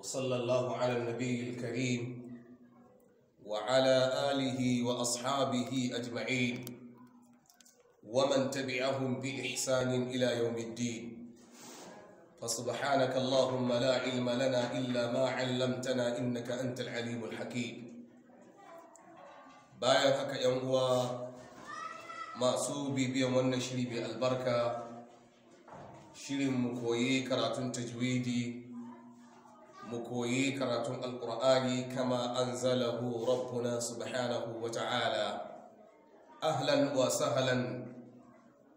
وصلى الله على النبي الكريم وعلى آله وأصحابه أجمعين ومن تبعهم بإحسان إلى يوم الدين فسبحانك اللهم لا علم لنا إلا ما علمتنا إنك أنت العليم الحكيم bayan haka yan uwa masu bibiyan wannan shiri mai albarka shirin mu koyi karatun tajwidi mu koyi karatun alkur'ani kama anzalahu rabbuna subhanahu wa ta'ala ahlan wa sahlan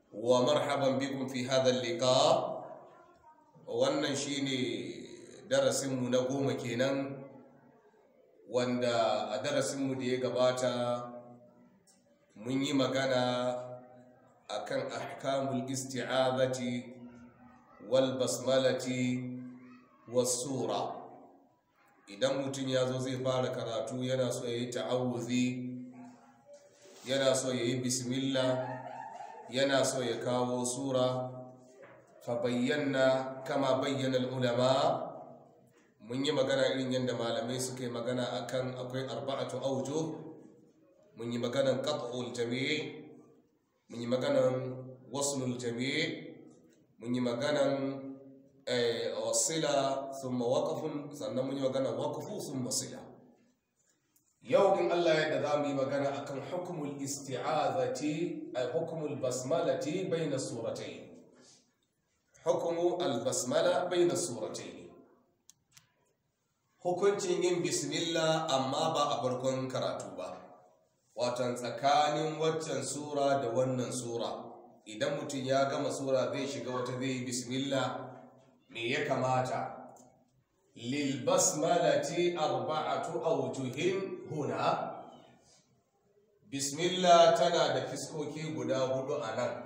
wa marhaban bikum fi hadha liqa wannan shine darasinmu na goma kenan wanda a darasinmu da ya gabata mun yi magana akan ahkamul isti'azati wal basmalati was sura idan mutum ya zo zai fara karatu yana so ya yi ta'awuzi yana so ya yi bismillah yana so ya kawo sura fa bayyana kama bayyana ulama mun yi magana irin yadda malamai suka magana kan akwai arba'atu aujo mun yi maganan katul jami'i mun yi maganan wasu jami'i mun yi maganan Eh, wasila sun mawakafin sannan mun yi magana wakafu sun masila yau din Allah yadda za mu yi magana a kan hukumul isti'azati a hukumul basmalati bai na suratai hukumu albasmala bai na suratai hukuncin yin bismillah amma ba a farkon karatu ba watan tsakanin waccan sura da wannan sura idan mutum ya gama sura zai shiga wata zai yi bismillah me ya kamata lilbasmalati arba'atu awjuhin huna bismillah tana da fiskoki guda hudu anan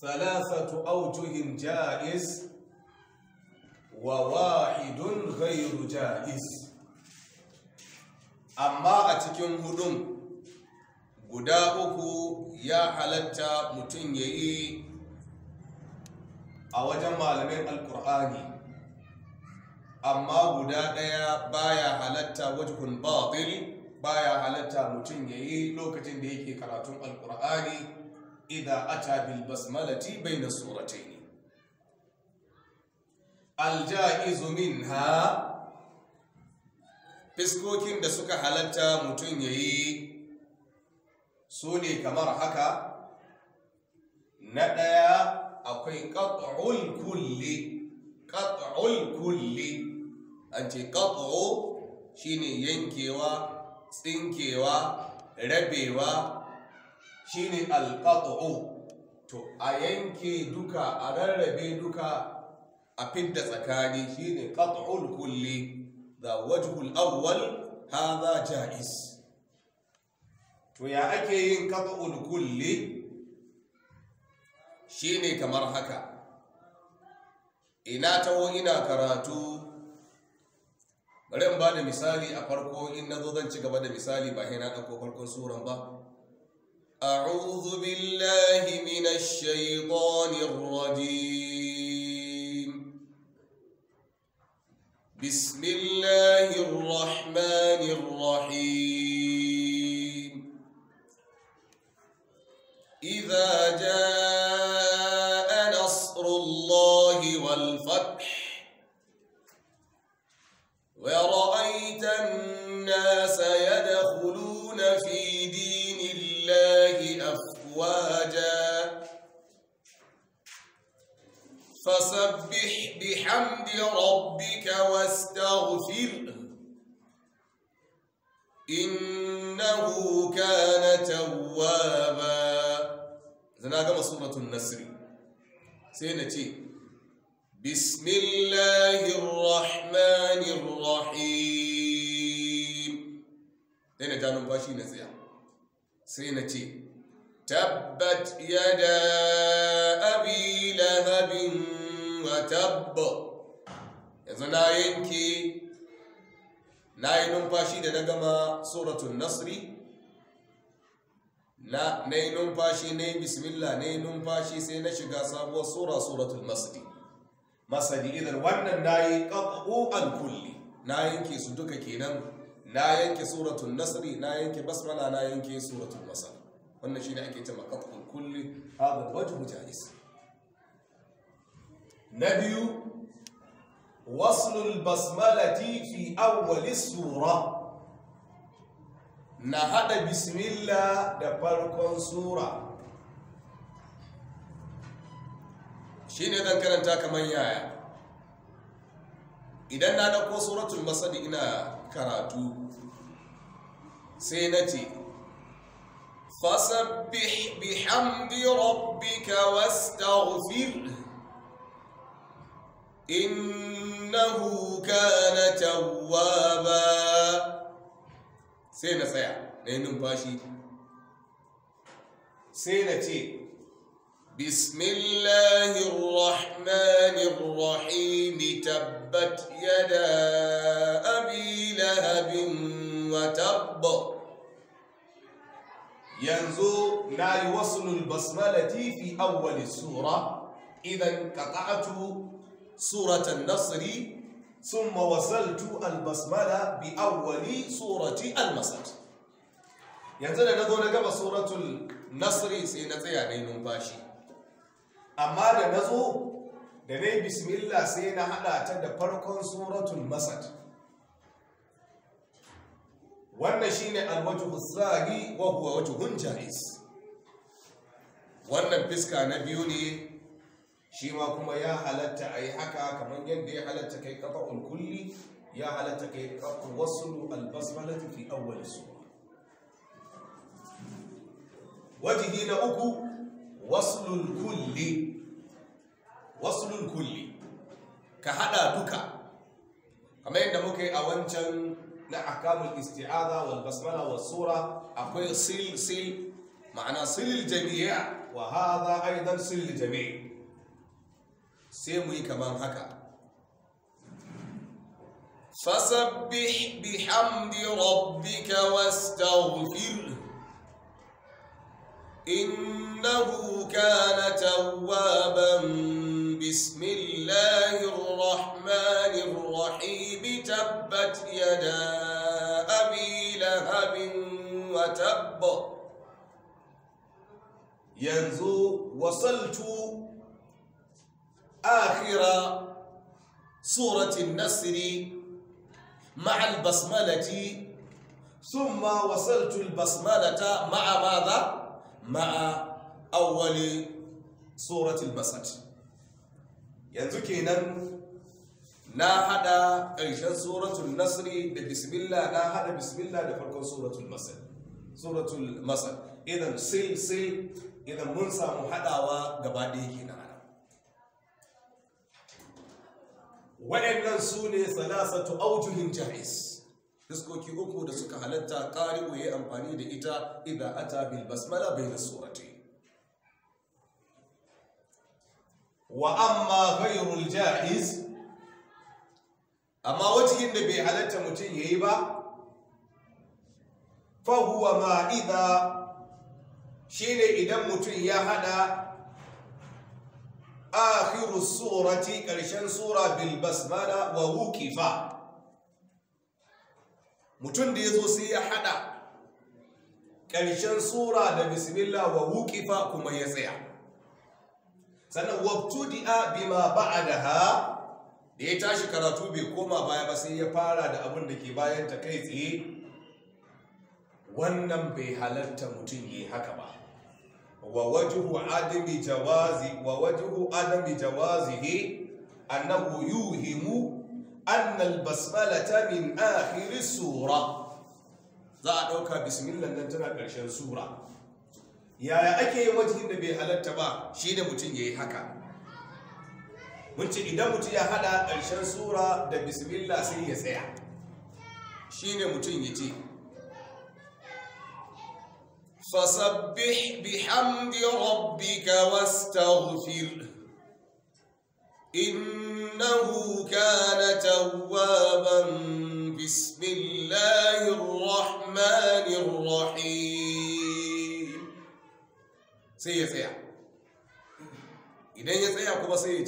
thalathatu awjuhin Ja'is? wa wahidun bairu ja'iz amma a cikin hudun guda uku ya halatta ya yayi a wajen malamin alkur'ani amma guda ɗaya baya halatta wajen batil baya halatta mutum ya yi lokacin da yake karatun alkur'ani idan ata bil basmalati baina suratayn aljaizu ha? fiskokin da suka halatta mutum ya yi. su ne kamar haka na ɗaya akwai qat'ul kulli ƙat'ul kulli an ce shine yankewa tsinkewa rabewa shine alqat'u to a yanke duka a rarrabe duka a fidda tsakani shine qat'ul kulli da wajhul awwal hadha jaiz to ya ake yin qat'ul kulli shine kamar haka ina taho ina karatu bari in ba da misali a farko in na zo zan ci gaba da misali ba na ɗauko farkon tsoron ba أعوذ بالله من الشيطان الرجيم بسم الله الرحمن الرحيم إذا جاء فسبح بحمد ربك واستغفره إنه كان توابا إذا ناقم سورة النسر سينتي بسم الله الرحمن الرحيم هنا جانو باشي نزيع سينتي تبت يدا أبي لهب وتب yanzu na yanke na yi numfashi da na gama suratun nasri na yi numfashi na yi bismillah na yi numfashi sai na shiga sabuwar sura suratul masadi masadi idan wannan na yi ƙaƙo'an kulli na yanke su duka kenan na yanke suratun nasri na yanke basmala na yanke suratun masar wannan shi ne ake tama ƙaƙo'an kulli abin wajen jais na biyu waslul basmalati fi awwali sura na hada bismillah da farkon sura shine zan karanta kamar yaya idan na dauko suratul masad ina karatu sai nace فسبح بحمد ربك واستغفره إنه كان توابا سينا سيا نين باشي سينا تي بسم الله الرحمن الرحيم تبت يدا أبي لهب وتب ينزو لا يوصل البسملة في أول السورة إذا انقطعت suratan nasri ثم وصلت bi بأول surati المسد yanzu da na zo na gaba suratul nasri sai na tsaya na yi numfashi amma da na zo da na yi bismillah sai na haɗa ta da farkon suratul masad wannan shi ne alwatu hussari wa huwa hunjaris wannan fiska na biyu ne shi ma kuma ya halatta a yi haka kamar yadda ya halatta kai kafa ulkulli ya halatta kai kafa wasu albasmalati fi awwal su wajihi na uku waslul kulli ka hada duka kamar yadda muka yi a wancan na akamul isti'aza wal basmala akwai sil sil ma'ana silil jami'a wa hadha aidan silil jami'a sai mu yi kamar haka fasabbih bihamdi rabbika wastaghfir innahu kana tawwaban bismillahir rahmanir rahim tabbat yada abi lahabin wa tabb yanzu wasaltu آخر سورة النصر مع البسملة ثم وصلت البسملة مع ماذا؟ مع أول سورة البسط yanzu kenan na hada ƙarshen suratul nasri da bismillah na hada bismillah da farkon suratul masar idan sil idan mun samu hadawa gaba waɗannan su ne salasa ta autuhin jahis diskoki uku da suka halatta ƙari'u yi amfani da ita idan ata bil basmala bai na surati wa amma ghairul ja'iz amma wajen da bai halatta mutum ya yi ba fahuwa huwa ma shi ne idan mutum ya hada akhiru surati ƙarshen sura bil basmala wa wukifa mutum da yazo sai ya hada ƙarshen sura da bismillah wa wukifa kuma ya tsaya sannan wabtudi'a bima ba'daha da ya tashi karatu bai koma baya ba sai ya fara da abin da ke bayan ta kai tsaye wannan bai halarta mutum yi haka ba wa wajhu adami jawazi he wajhu adami jawazihi annahu yuhimu anna min akhir sura za a dauka bismillah nan tana karshen sura yaya ake yi wajihin da bai halatta ba shi da mutum yi haka mun ce idan mutum ya hada karshen sura da bismillah sai ya tsaya shi ne mutum ya ce فسبح بحمد ربك واستغفر إنه كان توابا بسم الله الرحمن الرحيم سيئ سيئ إذن يسيئ كما سيئ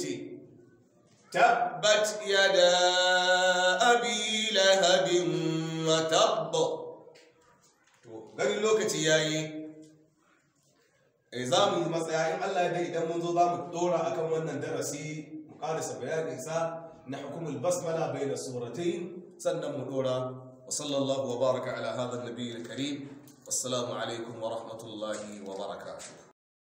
تبت يدا أبي لهب وتب ganin lokaci ya yi eh, za mu yi matsaya in allah dai idan mun zo za mu dora a kan wannan darasi mu ƙarisa sa na hukumul basmala bai da suratai sannan mu dora wa sallallahu wa baraka ala hadar nabi karim assalamu alaikum wa rahmatullahi wa barakatuh